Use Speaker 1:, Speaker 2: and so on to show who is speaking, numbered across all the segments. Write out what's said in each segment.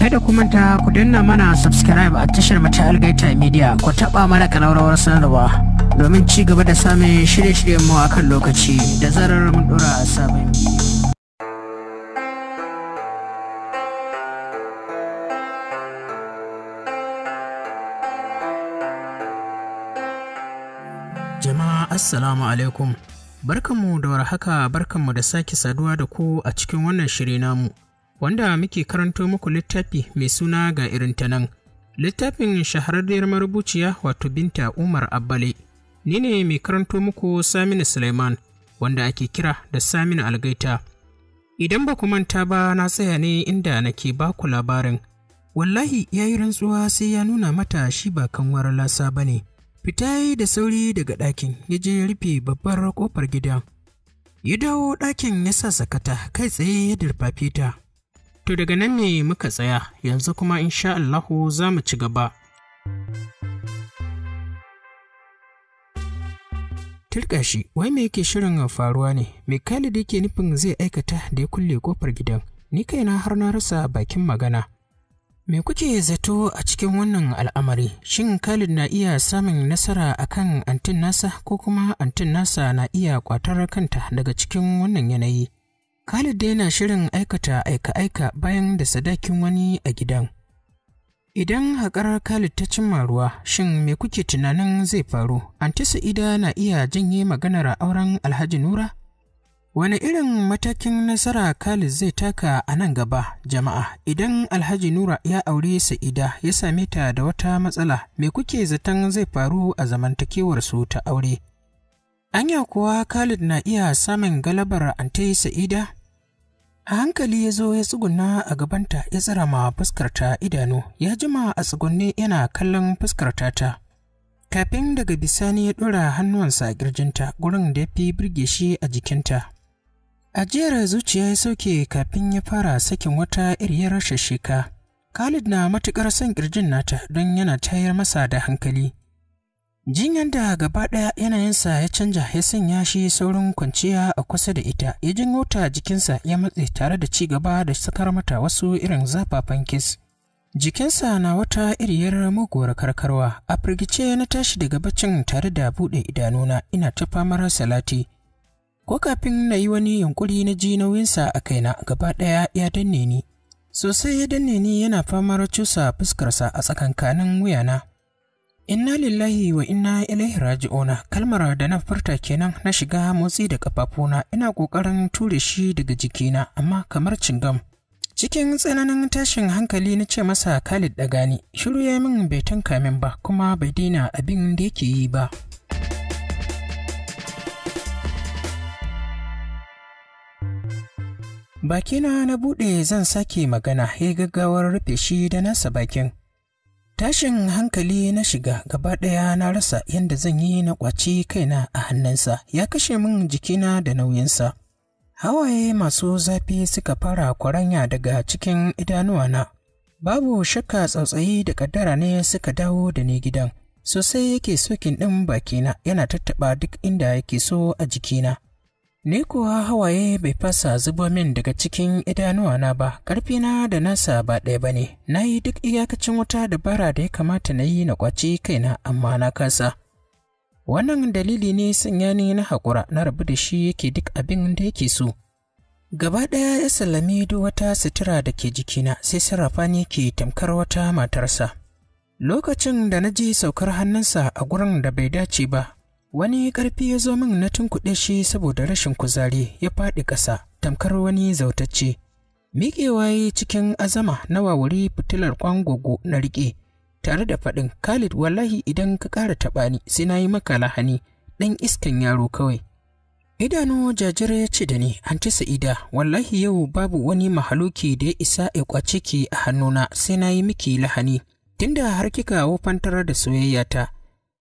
Speaker 1: kada ku manta ku danna mana subscribe a tashar mata algaita media ku taba mana kalaurawar sanarwa domin ci gaba da samun shirye-shiryen mu akan lokaci da zarar mun dora sabon jama'a assalamu alaikum barkanmu da warhaka barkanmu da sake saduwa da ku a cikin wannan shiri namu wanda muke karanto muku littafi mai suna ga irin ta nan. Littafin shahararriyar marubuciya wato Binta Umar Abbali. Ni ne mai karanto muku Saminu Suleiman wanda ake kira da Saminu Algaita. Idan ba manta ba na tsaya ne inda nake ba ku labarin. Wallahi ya yi rantsuwa sai ya nuna mata shi ba kanwar lasa ba ne. Fita yi da sauri daga ɗakin ya je rufe babbar ƙofar gidan. Ya dawo ɗakin ya sa sakata kai tsaye ya durfafe ta. To daga nan ne muka tsaya yanzu kuma insha Allahu za mu ci gaba. Turka wai me yake shirin faruwa ne? Me Khalid yake nufin zai aikata da ya kulle kofar gidan? Ni kaina har na rasa bakin magana. Me kuke zato a cikin wannan al'amari? Shin Khalid na iya samun nasara akan antin nasa ko kuma antin nasa na iya kwatar kanta daga cikin wannan yanayi? Khalid yana shirin aikata aika-aika bayan da sadakin wani a gidan. Idan haƙar Khalid ta cimma ruwa, shin me kuke tunanin zai faru? Anti Sa'ida na iya janye maganar auren Alhaji Nura? Wani irin matakin nasara Khalid zai taka a nan gaba, jama'a, idan Alhaji Nura ya aure Sa'ida ya same ta da wata matsala, me kuke zaton zai faru a zamantakewar su ta aure? Anya kuwa Khalid na iya samun galabar Anti Sa'ida? a hankali ya zo ya tsuguna a gabanta ya tsira ma fuskarta idanu ya jima a tsugunne yana kallon fuskarta ta kafin daga bisani ya ɗora hannuwansa a ƙirjinta gurin da ya fi birge shi a jikinta ajiyar zuciya ya sauke kafin ya fara sakin wata iriyar shashika khalid na matuƙar son ƙirjin nata don yana tayar masa da hankali jinyar da gaba ɗaya yanayinsa ya canja ya sanya shi saurin kwanciya a kusa da ita, ya ji ta jikinsa ya matse tare da ci gaba da sakar mata wasu irin zafafan kis. Jikinsa na wata iriyar muguwar karkarwa, a firgice na tashi daga baccin tare da buɗe idanuna ina ta famar salati. Ko kafin na yi wani yunƙuri na ji nauyinsa a kaina gaba ɗaya ya danne ni. Sosai ya danne ni yana famar cusa fuskarsa a tsakankanin wuyana. Inna lillahi wa inna ilaihi raji'una kalmar da na furta kenan na shiga motsi da kafafuna ina ƙoƙarin ture shi daga jikina amma kamar cingam. Cikin tsananin tashin hankali na ce masa Khalid Dagani, shiru ya min bai tanka min ba kuma bai daina abin da yake yi ba. Bakina na buɗe zan sake magana ya gaggawar rufe shi da nasa bakin. tashin hankali na shiga gaba ɗaya na rasa yadda zan yi na kwaci kaina a hannunsa ya kashe min jikina da nauyinsa hawaye masu zafi suka fara kwaranya daga cikin idanuwana babu shakka tsautsayi da kaddara ne suka dawo da ni gidan sosai yake sokin ɗin bakina yana tattaɓa duk inda yake so a jikina Ni kuwa hawaye bai fasa zuba min daga cikin idanuwa na ba, na da nasa ba ɗaya ba ne, na yi duk iyakacin wuta dabara da ya kamata na yi na kwaci kaina amma na kasa. Wannan dalili ne sanya ni na haƙura na rabu da shi yake duk abin da yake so. Gaba ɗaya ya sallami duk wata sitira da ke jikina sai sarrafa ni ke tamkar wata matarsa. Lokacin da na ji saukar hannunsa a gurin da bai dace ba, Wani ƙarfi ya zo min na tunkuɗe shi saboda rashin kuzari ya faɗi ƙasa tamkar wani zautacce. Miƙewa yi cikin azama na wawuri fitilar kwangogo na riƙe tare da faɗin Khalid wallahi idan ka ƙara taɓa ni sai na yi maka lahani ɗan iskan yaro kawai. Idanu jajire ya ce da ni an ci sa'ida wallahi yau babu wani mahaluki da ya isa ya kwace ki a hannuna sai na yi miki lahani tunda har kika wofantar da soyayyata.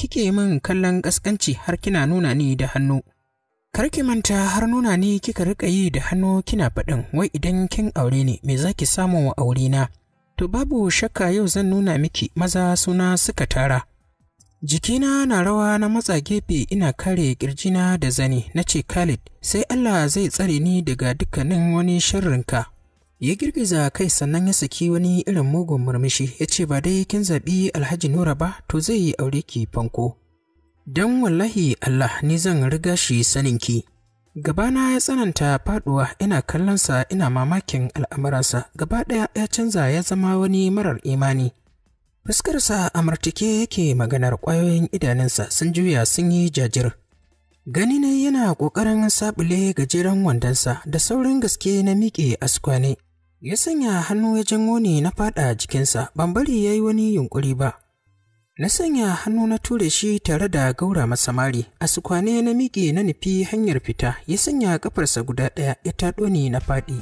Speaker 1: kike min kallon ƙasƙanci har kina nuna ni da hannu. Kar ki manta har nuna ni kika riƙa yi da hannu kina faɗin wai idan kin aure ni me zaki samu wa aure na. To babu shakka yau zan nuna miki maza suna suka tara. Jikina na rawa na matsa gefe ina kare ƙirjina da zani na ce Khalid sai Allah zai tsare ni daga dukkanin wani sharrinka. ya girgiza kai sannan ya saki wani irin mugun murmushi ya ce ba dai kin zaɓi alhaji nura ba to zai yi aure ki fanko don wallahi allah ni zan riga shi saninki gabana ya tsananta faduwa ina kallonsa ina mamakin al'amuransa gaba ɗaya ya canza ya zama wani marar imani fuskarsa a martike yake maganar ƙwayoyin idanunsa sun juya sun yi jajir gani ne yana ƙoƙarin sabule gajeren wandonsa da saurin gaske na miƙe askwane Ya sanya hannu ya janwo ne na faɗa jikinsa, ban bari ya yi wani yunƙuri ba. Na sanya hannu na ture shi tare da gaura masa mari, a sukwane na miƙe na nufi hanyar fita, ya sanya ƙafarsa guda ɗaya ya taɗo ne na faɗi.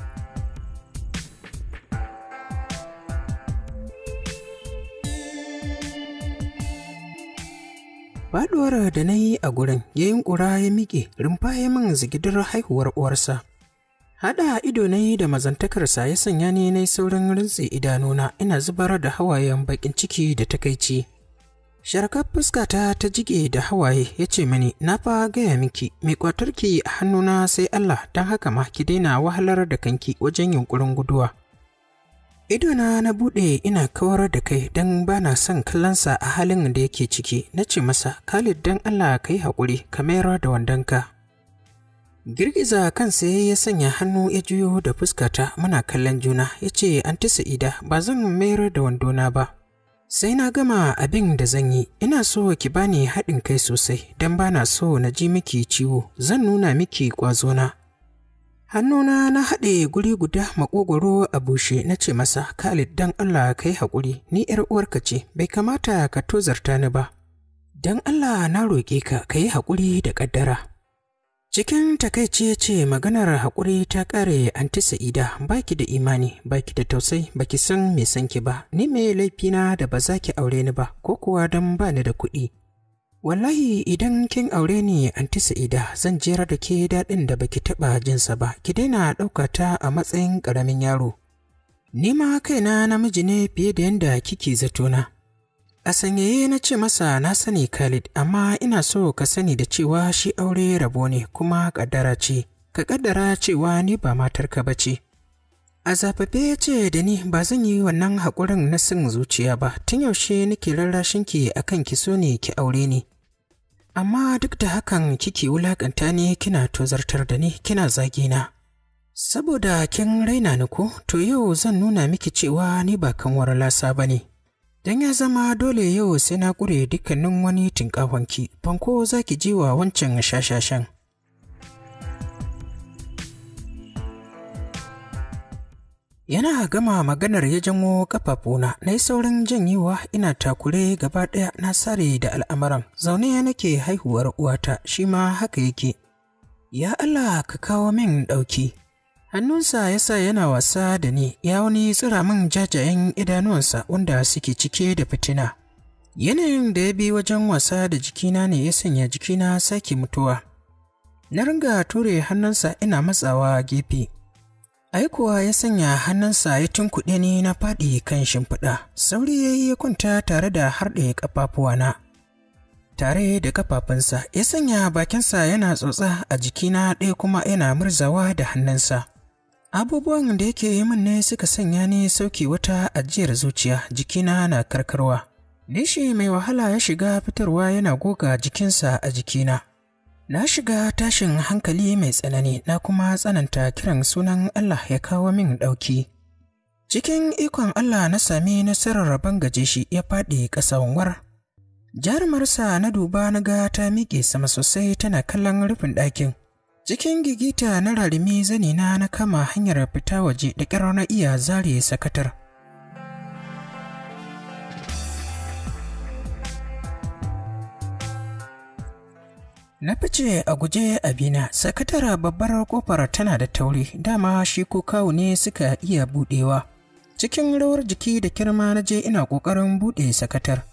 Speaker 1: Faɗuwar da na yi a gurin ya ƙura ya miƙe rumfa ya min zigidar haihuwar uwarsa. Haɗa ido na yi da mazantakarsa ya sanya ni na saurin rintse idanuna ina zubar da hawayen baƙin ciki da takaici. Sharkar fuskata ta jige da hawaye ya ce mini na fa gaya miki mai kwatarki a hannuna sai Allah don haka ma ki daina wahalar da kanki wajen yunƙurin guduwa. Idona na buɗe ina kawar da kai don ba na son kallonsa a halin da yake ciki na ce masa Khalid don Allah ka yi haƙuri ka mayar da wandonka girgiza kansa ya sanya hannu ya juyo da fuskata muna kallon juna ya ce anti sa'ida ba zan mayar da wando na ba sai na gama abin da zan yi ina so ki bani haɗin kai sosai don ba na so na ji miki ciwo zan nuna miki na. hannuna na haɗe guri guda maƙogwaro a bushe na ce masa khalid don allah kai haƙuri ni yar uwarka ce bai kamata ka tozarta ni ba don allah na roƙe ka ka yi haƙuri da ƙaddara Cikin takaici ya ce maganar haƙuri ta ƙare anti Sa'ida baki da imani baki da tausai baki san me san ki ba ni me laifina da ba za ki aure ni ba ko kuwa don ba ni da kuɗi. Wallahi idan kin aure ni anti Sa'ida zan jera da ke daɗin da baki taɓa jinsa ba ki daina ɗauka ta a matsayin ƙaramin yaro. Ni ma kaina namiji ne fiye da yadda kike zato na. A sanyaye na ce masa na sani Khalid amma ina so ka sani da cewa shi aure rabo ne kuma ƙaddara ce. Ka ƙaddara cewa ni ba matarka ba ce. A zafafe ya ce da ni ba zan yi wannan haƙurin na sin zuciya ba tun yaushe nake rarrashin ki akan ki so ne ki aure ni. Amma duk da hakan kike wulaƙanta ne kina tozartar da ni kina zagi na. Saboda kin raina ni ko to yau zan nuna miki cewa ni ba kanwar lasa ba ne. Idan ya zama dole yau sai na kure dukkanin wani tinƙawanki fanko za ki ji wa wancan shashashan yana gama maganar ya janwo kafafuna na yi saurin janyewa ina takure gaba ɗaya na sare da al'amuran zaune nake haihuwar uwata shi ma haka yake ya allah ka kawo min ɗauki Hannunsa ya sa yana wasa da ni ya wani tsira min jajayen idanuwansa wanda suke cike da fitina. Yanayin da ya bi wajen wasa da jikina ne ya sanya jikina sake mutuwa. Na ringa ture hannunsa ina matsawa gefe. Aikuwa ya sanya hannunsa ya tunkuɗe ni na faɗi kan shimfiɗa, sauri ya yi kwanta tare da harɗe ƙafafuwana. Tare da ƙafafunsa, ya sanya bakinsa yana tsotsa a jikina ɗaya kuma yana murzawa da hannunsa. abubuwan da yake yi min ne suka sanya ni sauki wata ajiyar zuciya jikina na karkarwa nishi mai wahala ya shiga fitarwa yana goga jikinsa a jikina na shiga tashin hankali mai tsanani na kuma tsananta kiran sunan allah ya kawo min ɗauki cikin ikon allah na sami nasarar rabon gaje shi ya faɗi ƙasawar. jarumarsa na duba na ga ta miƙe sama sosai tana kallon rufin ɗakin Cikin gigita na rarimi zanina na kama hanyar fita waje da ƙarar na iya zare sakatar. Na fice a guje abina, sakatare babbar kofar tana da tauri, dama shi ko kawu ne suka iya budewa. Cikin rawar jiki da kirma na je ina ƙoƙarin buɗe sakatar.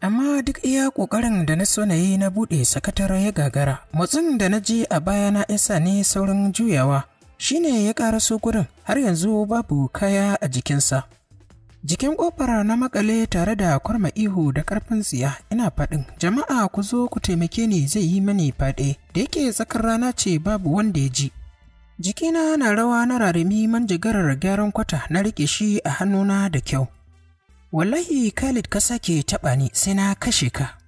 Speaker 1: amma duk iya ƙoƙarin da na so na yi na buɗe sakatar ya gagara matsin da na je a baya na isa ne saurin juyawa shine ya ƙara su gurin har yanzu babu kaya a jikinsa jikin ƙofar na makale tare da kwarma ihu da ƙarfin tsiya ina faɗin jama'a ku zo ku taimake ni zai yi mani faɗe da yake tsakar rana ce babu wanda ya ji jikina na rawa na rarimi manjagarar gyaran kwata na riƙe shi a hannuna da kyau wallahi khalid ka sake taɓa ni sai na kashe ka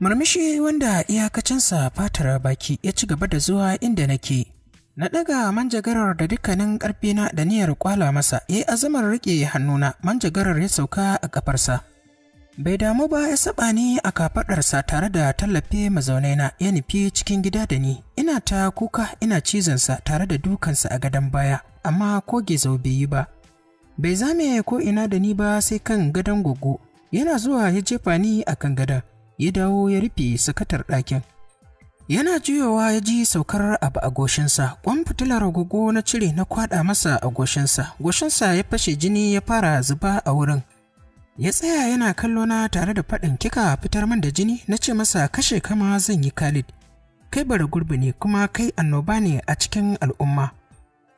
Speaker 1: murmushi wanda iyakacinsa fatar baki ya ci gaba da zuwa inda nake na ɗaga manjagarar da dukkanin ƙarfina da niyyar kwala masa ya yi azumar riƙe hannuna manjagarar ya sauka a ƙafarsa bai damu ba ya saba ni a kafaɗarsa tare da tallafe mazaunaina ya nufi cikin gida da ni ina ta kuka ina cizonsa tare da dukansa a gadon baya amma ko gizo bai yi ba bai zame ko ina da ni ba sai kan gadon gogo yana zuwa ya jefa ni a kan gada ya dawo ya rufe sakatar ɗakin yana juyowa ya ji saukar abu a goshinsa ƙwan fitilar gogo na cire na kwaɗa masa a goshinsa goshinsa ya fashe jini ya fara zuba a wurin ya tsaya yana kallo na tare da faɗin kika fitar min da jini na ce masa kashe kama zan yi khalid kai bara gurbi ne kuma kai annoba ne a cikin al'umma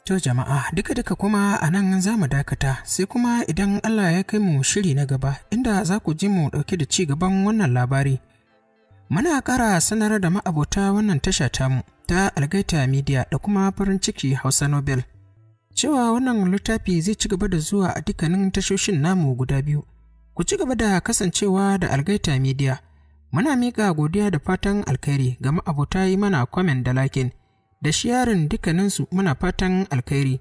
Speaker 1: To jama'a duka-duka kuma a nan za mu dakata sai kuma idan Allah ya kai mu shiri na gaba inda za ku ji mu ɗauke da ci gaban wannan labari. Muna ƙara sanar da ma'abota wannan tasha tamu ta Algaita Media da kuma farin ciki Hausa Nobel. Cewa wannan littafi zai ci gaba da zuwa a dukkanin tashoshin namu guda biyu. Ku ci gaba da kasancewa da Algaita Media. Muna miƙa godiya da fatan alkhairi ga ma'abota yi mana kwamen da lakin. da shiyarin dukkaninsu muna fatan alkhairi